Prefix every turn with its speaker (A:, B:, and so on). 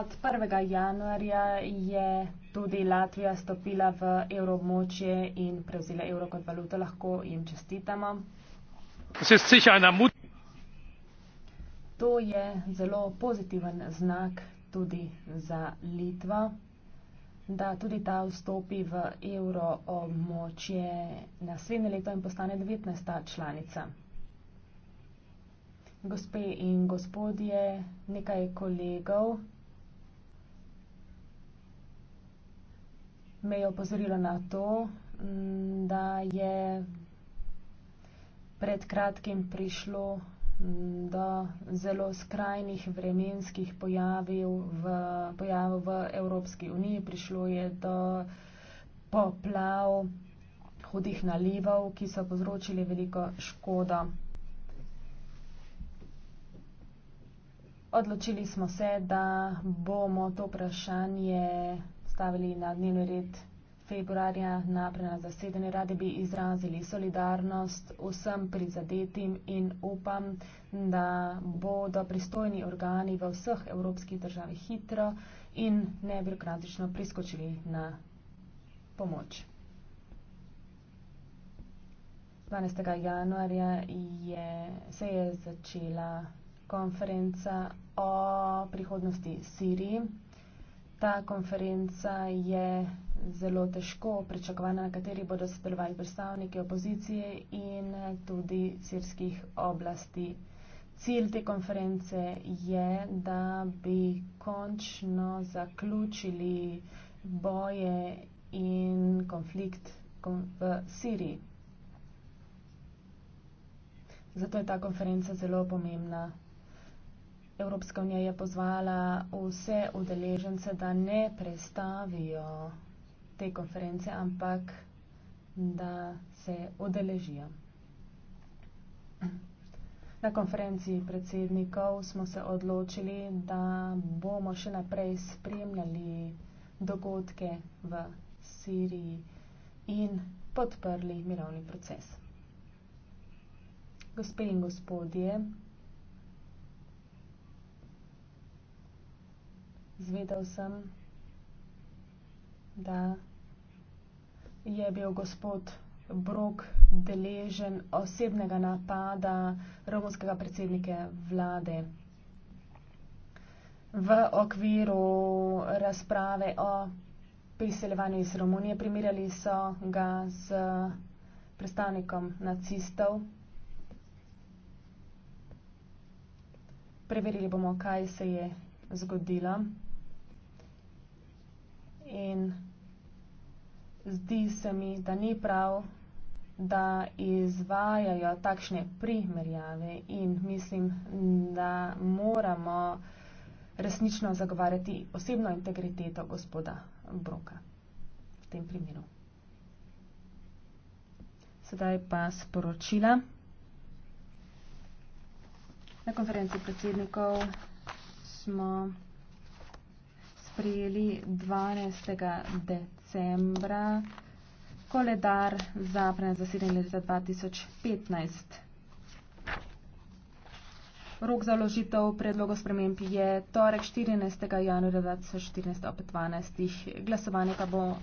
A: Od 1. januarja je tudi Latvija stopila v evroobmočje in prevzela evro kot valuto, lahko jim čestitamo. To je zelo pozitiven znak tudi za Litvo, da tudi ta vstopi v evroobmočje naslednje leto in postane 19. članica. Gospe in gospodje, nekaj kolegov. me je opozorilo na to, da je
B: pred kratkim
A: prišlo mm, do zelo skrajnih vremenskih pojavil v, pojavil v Evropski uniji. Prišlo je do poplav hudih nalivov, ki so povzročili veliko škodo. Odločili smo se, da bomo to vprašanje postavili na dnevni red februarja na prenas zasedanje, radi bi izrazili solidarnost vsem prizadetim in upam, da bodo pristojni organi v vseh evropskih državah hitro in nebirokratično priskočili na pomoč. 12. januarja je, se je začela konferenca o prihodnosti Siriji. Ta konferenca je zelo težko pričakovana, na kateri bodo sodelovali predstavniki opozicije in tudi sirskih oblasti. Cilj te konference je, da bi končno zaključili boje in konflikt v Siriji. Zato je ta konferenca zelo pomembna. Evropska unija je pozvala vse udeležence, da ne prestavijo te konference, ampak da se udeležijo. Na konferenci predsednikov smo se odločili, da bomo še naprej spremljali dogodke v Siriji in podprli mirovni proces. Gospe in gospodje, zvedel sem, da je bil gospod Brok deležen osebnega napada romunskega predsednike vlade. V okviru razprave o priseljevanju iz Romunije primerjali so ga z predstavnikom nacistov. Preverili bomo, kaj se je zgodila. In zdi se mi, da ni prav, da izvajajo takšne primerjave in mislim, da moramo resnično zagovarjati osebno integriteto gospoda Broka v tem primeru. Sedaj pa sporočila. Na konferenci predsednikov smo sprejeli 12. decembra koledar za prenes zasedanje leta 2015. Rok za ložitev predlogo sprememb je torek 14. januarja 2014 ob 12. glasovanje, ta bo.